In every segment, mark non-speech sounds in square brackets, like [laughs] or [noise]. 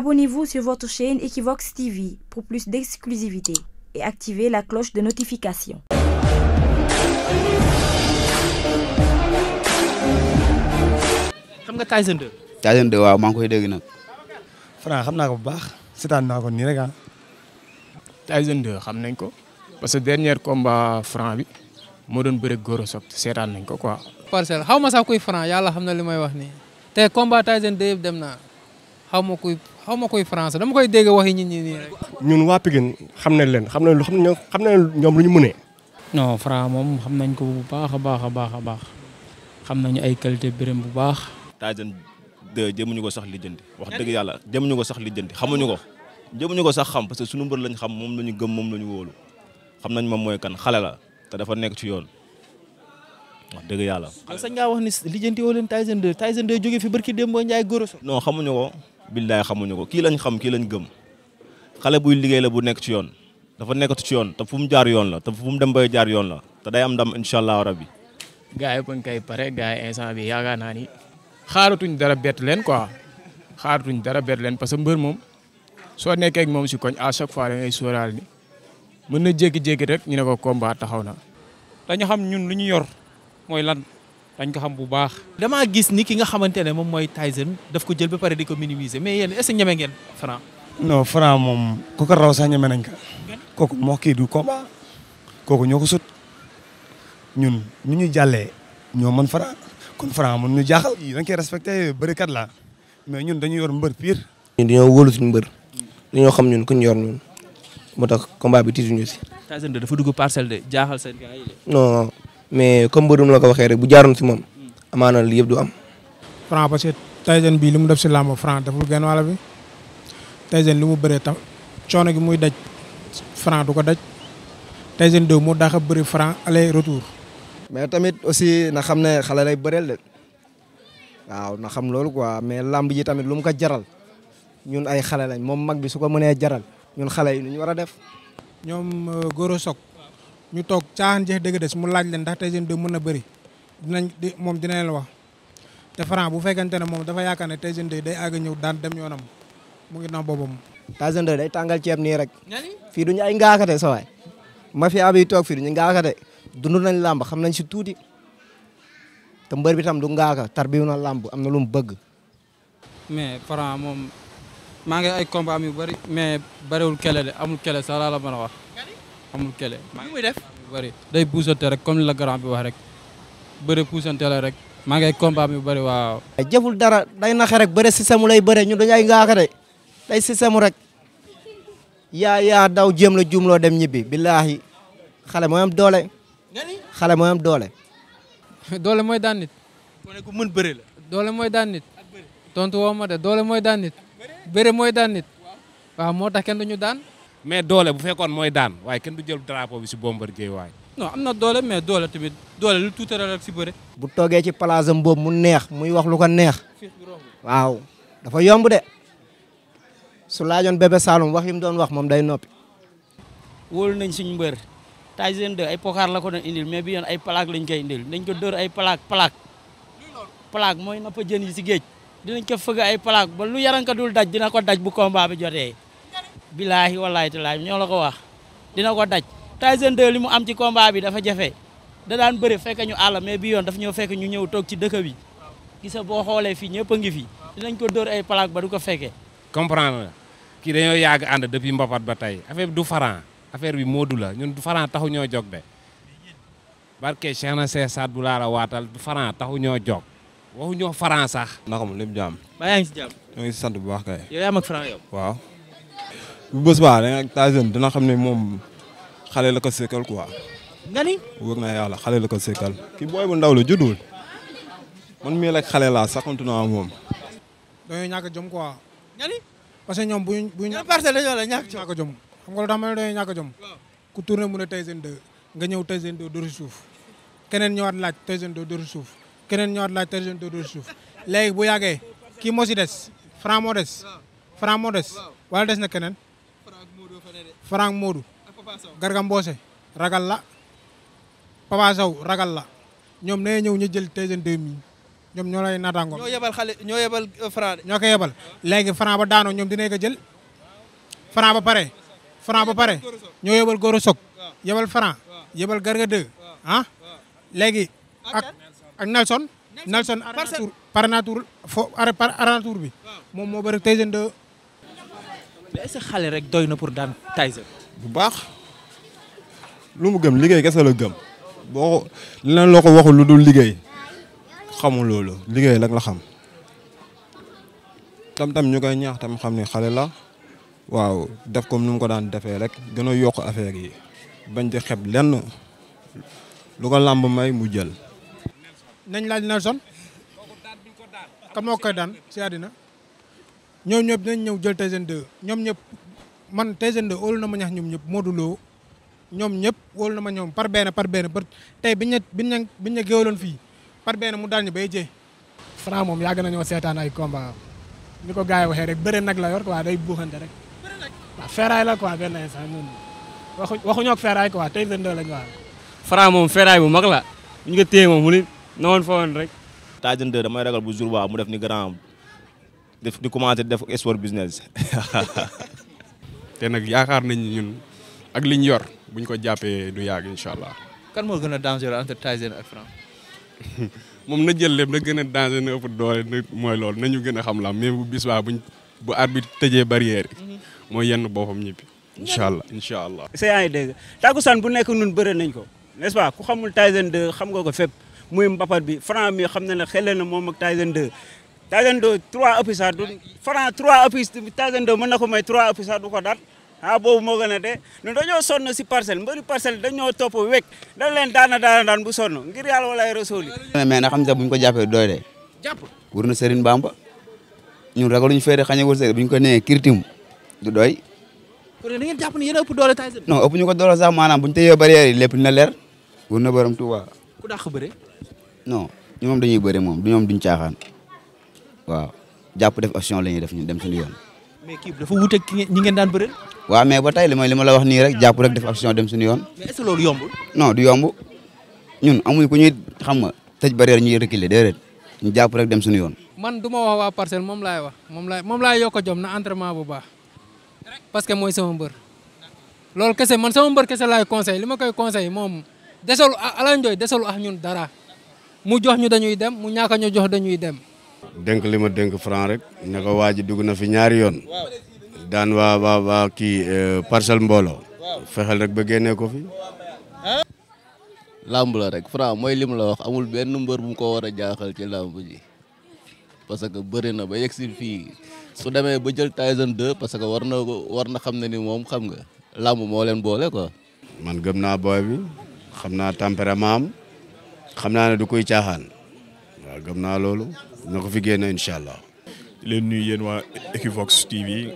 Abonnez-vous sur votre chaîne Equivox TV pour plus d'exclusivité et activez la cloche de nga Tyson 2. waaw maa ngi koy dégg nag. Franc xam naa ko bu baax seetaan naa ko nii rek ah. xam nañ ko parce que dernier combat Franc bi moo doon bëre góor a seetaan nañ ko quoi. parcelle xaw ma sax kuy Franc yàlla xam na may wax nii te combat Tyson 2 yëpp xaw ma kuy xaw ma kuy français dama koy dégg waxi nit ñi nii rek. ñun xam nañ leen xam nañ lu xam nañ ñoom lu ñu mënee. non Franc moom xam nañ ko bu baax a baax a baax a baax xam nañu ay qualité Birame bu baax. Tyson de jëmuñu ko sax lijjanti wax dëgg yàlla jëmuñu ko sax lijjanti xamuñu ko jëmuñu ko sax xam parce que suñu mbër lañ xam moom lañu gëm moom lañu wóolu xam nañ moom mooy kan xale la te dafa nekk ci yoon wax dëgg yàlla. sañ ngaa wax ni lijjanti woo leen Tyson 2 Tyson 2 fi fi barki démb Ndiaye Goroso. non xamuñu ko billaay xamuñu ko kii lañ xam kii lañ gëm xale buy liggéey la bu nekk ci yoon dafa nekkatu ci yoon te fu mu jaar yoon la te fu mu dem bay jaar yoon la te day am ndam incha allah rabbi. gars yi buñ koy pare gars yi instant bi yaakaar naa ni xaaratuñ dara bett leen quoi xaaratuñ dara bett leen parce que mbër moom soo nekkee moom si koñ à chaque fois da ngay sóoraal ni mën na jékki-jékki rek ñu ne ko combat taxaw na. dañu xam ñun lu ñu yor mooy lan. dañ ko xam bu baax. damaa gis ni ki nga xamante ne moom mooy Tyson daf ko jël ba pare di ko minimiser mais yéen est-ce que ñeme ngeen Franc. non Franc moom ku ko raw sax ñeme nañ ko. kooku moo kii du ko ku ñoo ko sut ñun nu ñu jàllee ñoo mën Franc kon Franc ñu jaaxal. yii dañ koy respecté bërikat la mais ñun dañu yor mbër pire. ñun dañoo wóolu suñu mbër. dañoo xam ñun ku ñu yor ñun. moo tax combat bi tiituñu si. dafa dugg parcelle de jaaxal seen gars yi mais comme mbërum la ko waxee rek bu jaaroon si moom amaana li yëpp du am. Franc parce que Tyson bii li mu def si làmb Franc deful genn wàll bi Tyson li mu bëree tam coono gi muy daj Franc ko daj Tyson 2 moo daax a bëri Franc aller retour. mais tamit aussi na xam ne xale lay bëreel de waaw na xam loolu quoi mais làmb ji tamit lu mu ko jaral ñun ay xale lañ moom mag bi su ko mënee jaral ñun xale yi nu ñu war a def. ñoom euh, Goro Sock ñu toog caaxaan jeex dëgg des mu laaj leen ndax tey jeunes deux mën na bëri dinañ di moom dina leen wax te Franc bu fekkente ne moom dafa yaakaar ne tey jeunes deux day àgg ñëw daan dem yoonam mu ngi naan boobam. tey jeunes deux day tàngal ceeb nii rek. fii duñu ay ngaakate sa waay mafia bi toog fii duñu ngaakate dund nañ làmb xam nañ si tuuti te mbër bi tam du ngaaka tarbiw na làmb am na lu mu bëgg. mais Franc moom maa ngi ay combat yu bëri mais bëriwul kele de amul kele sax laa la mën a wax. amul kele maa ngi muy def day puusante rek comme la grand bi wax rek bëri puusante la rek maa ngay combat mi bëri waaw jëful dara day naxe rek bëri système lay bëri ñun dañu ay ngaaka de day système rek yaa yaa daw jéem la juumloo dem ñibbi billaahi xale mooy doole xale mooy doole [laughs] doole mooy daan nit mu la doole mooy daan nit tontu woo de doole mooy daan nit bëri mooy daan nit waaw moo tax kenn daan mais doole bu fekkoon mooy daan waaye kenn du jël drapeau bi si Bombardier waay. non am na doole mais doole tamit doole lu tuuti rek si bëre. bu toogee ci place am boobu mu neex muy wax lu ko neex. waaw dafa yomb de su laajoon bébé Saloum wax yi mu doon wax moom day noppi. wóolu nañ suñu mbër Tyson 2 ay pokaar la ko doon indil mais bi yoon ay plaque lañ koy indil dañ ko dor ay plaque plaque. plaque mooy nappa jën yi si géej dinañ ko fëgg ay plaque ba lu yaranka dul daj dina ko daj bu combat bi jotee. billaahi wallaahi tallaahi ñoo la ko wax dina ko daj Tyson 2 li mu am ci combat bi dafa jafe da daan bëri fekk ñu àll mais bi yoon daf ñoo fekk ñu ñëw toog ci dëkk bi gisa boo xoolee fii ñëpp a ngi fi dinañ ko dóor ay palaak ba du ko fekkee comprendre kii dañoo yàgg ànd depuis mbapat ba tey affaire bi du Franc affaire bi Modou la ñun du Franc taxu ñoo jog de barke Cheikh na Cheikh Saad bu laa la waatal du Franc taxu ñoo jog waxu ñoo Franc sax na xam lépp jaam ba yaa ngi bu bës baax da nga Tyson dina xam ne moom xale la ko sekkal quoi. nga ni. wóor na yàlla xale la ko sekkal. ki booy bu ndaw la juddul man mii rek xale laa saxantu naa moom. dañoo ñàkk a jom quoi. nga ni. parce que ñoom bu ñu bu ñu. ñoom parcelle la ñàkk a jom. xam nga lu tax ma ne dañoo ñàkk a jom. ku tourné mu ne Tyson 2 nga ñëw Tyson 2 dóor si suuf keneen ñëwaat laaj Tyson 2 dóor si suuf keneen ñëwaat laaj Tyson 2 dóor si suuf léegi bu yàggee kii moo si des Franc moo des Franc moo des wala des na keneen. Franck Modou Garga Mbossé ragal la Papa Sow ragal la ñoom nee ñëw ñu jël Tyson 2000 ñoom ñoo lay naataango. ñoo yebal xale ñoo ko yebal euh, ba daanoo ñoom dinañ ko jël Franc ba pare. Franc ba pare ñoo yebal Goro Sok yebal Franc yebal Garga 2 ah ak Nelson. Nelson Arénatour Arénatour fo Arénatour bi moom moo bëri Tyson 2. mais est xale rek doy na pour daan Tyson. bu baax lu mu gëm liggéey kese la gëm boo leneen loo ko waxul lu dul liggéey xamuloolu liggéey rek la xam tam tam ñu koy ñaax tam xam ne xale la waaw def kom nu mu ko daan defee rek gën yokk affaire yi bañ di xeb lenn lu ko làmb may mu jël. nañ laaj Nelson. kan moo koy daan ñoom ñëpp dinañ ñëw jël Tyson 2 ñoom ñëpp man Tyson 2 wóolu na ma ñax ñoom ñëpp Modou Lo ñoom ñëpp wóolu na ma ñoom par benn par benn par tey biñ ne biñ ne biñ ne géewaloon fii par benn mu daal ñu bay jee. moom yàgg nañoo seetaan ay combat ñu ko gars yi waxee rek bëre nag la yor quoi day buuxante rek waaw feeraay la quoi benn instant ñun waxu waxuñoo ak feeraay quoi Tyson 2 lañ moom feeraay bu mag la ñu ko téye moom mu ni na woon fa woon rek. Tyson 2 damay ragal bu jour ba mu def ni grand def di commencé def sport business. [laughs] te nag yaakaar na ñun ak liñ yor buñ ko jàppee du yàgg incha allah. kan moo gën a dangereux ak Franc. [laughs] moom na jël lépp na gën a danger na ëpp doole mooy loolu nañu gën a xam la mais bu bis baa buñ bu arbitre tëjee barrière yi mhm. mooy yenn boppam ñibbi. incha allah incha allah. c' est dégg bu nekk nun bëre nañ ko n' est ku xamul Tyson 2 xam nga ko fépp muy mbapat bi Franc mi xam na ne xëy na moom ak Tyson 2 Tyson 2 3 appuis sax du Franc 3 appuis Tyson 2 mën na ko may 3 appuis sax du ko daat ah boobu moo dee ñun dañoo sonn si parcelle mbëri parcelle dañoo topp wekk dañ leen daana daana daan bu sonn ngir yàlla walaay rasool yi mais nag xam nga bu ko jàppee doy de jàpp wër na Serigne Bamba ñun ragaluñu feere xañe wërsëg bu ñu ko nee kirtim du doy kon da ngeen jàpp ne yéen a ëpp doole Tyson non ëpp ñu ko doole sax bu ñu tëyee barrière yi lépp na leer wër na borom Touba ku dàq bëre non ñu moom dañuy bëre moom du ñoom duñ caaxaan waaw jàpp def action la ñuy def ñu dem suñu yoon. mais kii daan bëreel. waaw mais ba tey li mooy li ma la wax nii rek jàpp def action dem suñu yoon. du yomb ñun amuñ ku ñuy xam nga tëj barrière ñuy reculer déedéet ñu jàpp dem suñu man du ma wax waa parcelle moom laay wax moom laay moom laay yokk a jom na entraînement bu baax parce que mooy sama mbër. loolu kese man sama mbër kese laay conseil li ma koy conseil moom desalu Alane Ndoye desalu ñun dara mu jox ñu dañuy dem mu ñaaka ñu jox dañuy dénk li ma dénk franc rek ne ko waa ji dugg na fi ñaari yoon daan waa waa waa kii euh, parcelle mbooloo fexel rek ba génnee ko fi. làmb la rek franc mooy lim la wax amul benn mbër bu mu ko war a jaaxal ci làmb ji parce que bëri na ba yegg si fii su demee ba jël Tyson 2 parce que war na war na xam ne ni moom xam nga làmb moo leen boole ko man gëm naa booy bi xam naa tempérament am xam naa ne du koy caaxaan waaw gëm naa loolu. na ko fi génn incha allah. leen nuyu yéen waa Equivox TV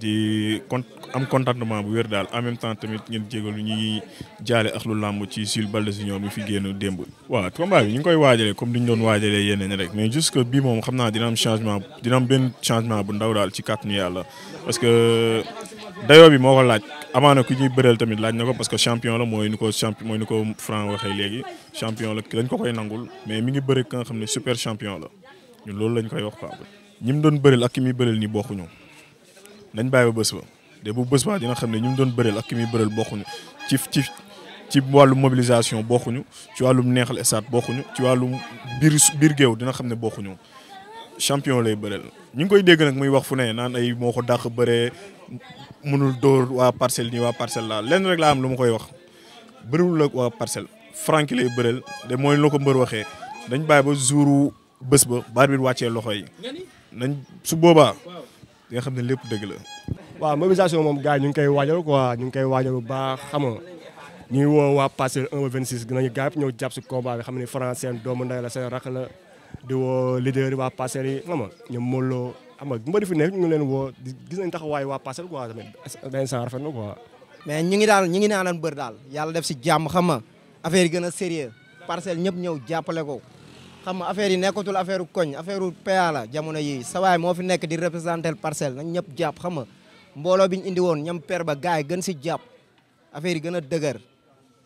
di con am contentement bu wér daal en même temps tamit ngeen jégal ñu ngi jaale ak lu làmb ci Jules Baldé Junior bi fi génn démb. waaw combat bi ñu ngi koy waajalee comme ni ñu doon waajalee yeneen rek mais jusque bii moom xam naa dina am changement dina am bu ndaw daal ci kàttanu yàlla parce que dayoo bi moo ko laaj. amaana ku ñuy bëreel tamit laaj na ko parce que champion la mooy ni ko champion mooy ni ko Franc waxee léegi champion la koy nangul mais mi ngi bëre ka nga xam ne super ñu loolu lañ koy wax quoi ñi mu doon bëreel ak ki muy bëreel nii bokkuñu nañ bàyyi ba bés ba de bu bés ba dina xam ne ñi mu doon bëreel ak ki muy bëreel bokkuñu ci ci ci wàllu mobilisation bokkuñu ci wàllum neexal estaat bokkuñu ci wàllum biir biir géew dina xam ne bokkuñu champion lay bëreel ñu ngi koy dégg nag muy wax fu ne naan ay moo ko dàq bëree mënul dóor waa parcelle nii waa parcelle laa lenn rek laa am lu ma koy wax bëriwul la waa parcelle Frank lay de mooy loo mbër waxee bés ba baar bi wàccee loxo yi nañ su boobaa di nga xam ne lépp dëgg la. waaw mobilisation moom gars yi ñu ngi koy waajal quoi ñu ngi koy waajal bu baax xam nga ñuy woo waa passé 1 ba 26 dinañu gars yi ñëw jàpp si combat xam ne France seen doomu ndey la seen rakk la di woo leader yi waa passé yi xam nga ñu mënuloo xam nga mbëri fi leen woo gis nañ taxawaay waa passé quoi tamit benn saa rafet na quoi. mais ñu ngi daal ñu ngi naan bër daal yàlla def si jàmm xam nga affaire gën a sérieux parcelle ñëpp ñëw jàppale ko. xam nga affaire yi nekkatul affaire koñ affaire PA la jamono yi sa waay moo fi nekk di représenté parcelle nañ ñëpp jàpp xam nga mbooloo bi ñu woon ñam per ba gars yi gën si jàpp affaire yi gën a dëgër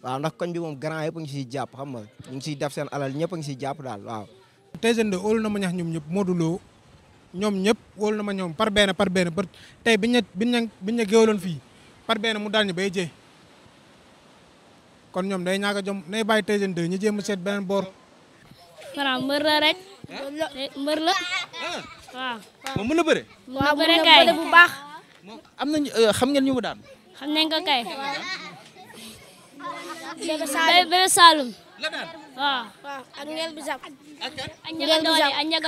waaw ndax koñ bi moom grand yëpp a ngi si jàpp xam nga ñu ngi siy def seen alal ñëpp a ngi siy jàpp daal waaw. tey jënd wóolu na ma ñax ñoom ñëpp Modou Lo ñoom ñëpp wóolu na ma ñoom par benn par benn ba tey biñ ñu biñ ñu mu daal ñu bay jee kon ñoom day ñaaga jom nay bàyyi tey jënd ñu jéem a seet beneen boor Franc mbër la rek. mbër la. Ah. waaw. moom mën na bëre. mën na bëre kay bu baax. am nañu euh, xam daan. xam nañ ko kay. Bébé Saloum. la daan waaw. ak ngel bi sax. ak njëga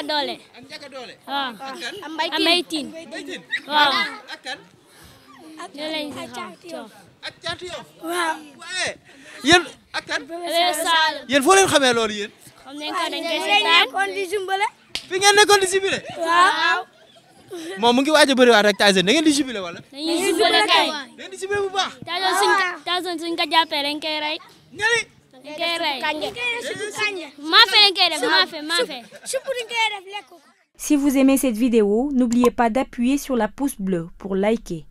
doole ak njëga doole. ak xam nañ ko dañ koy seetaan di jumbale. fi mu ngi waaj a bëriwaat rek Tyson da ngeen di jubilé wala. dañuy jubilé kay da koy rey. ñëli. dañ koy rey maafe dañ koy def Si vous aimez cette vidéo, n'oubliez pas d'appuyer sur la pouce bleue pour liker.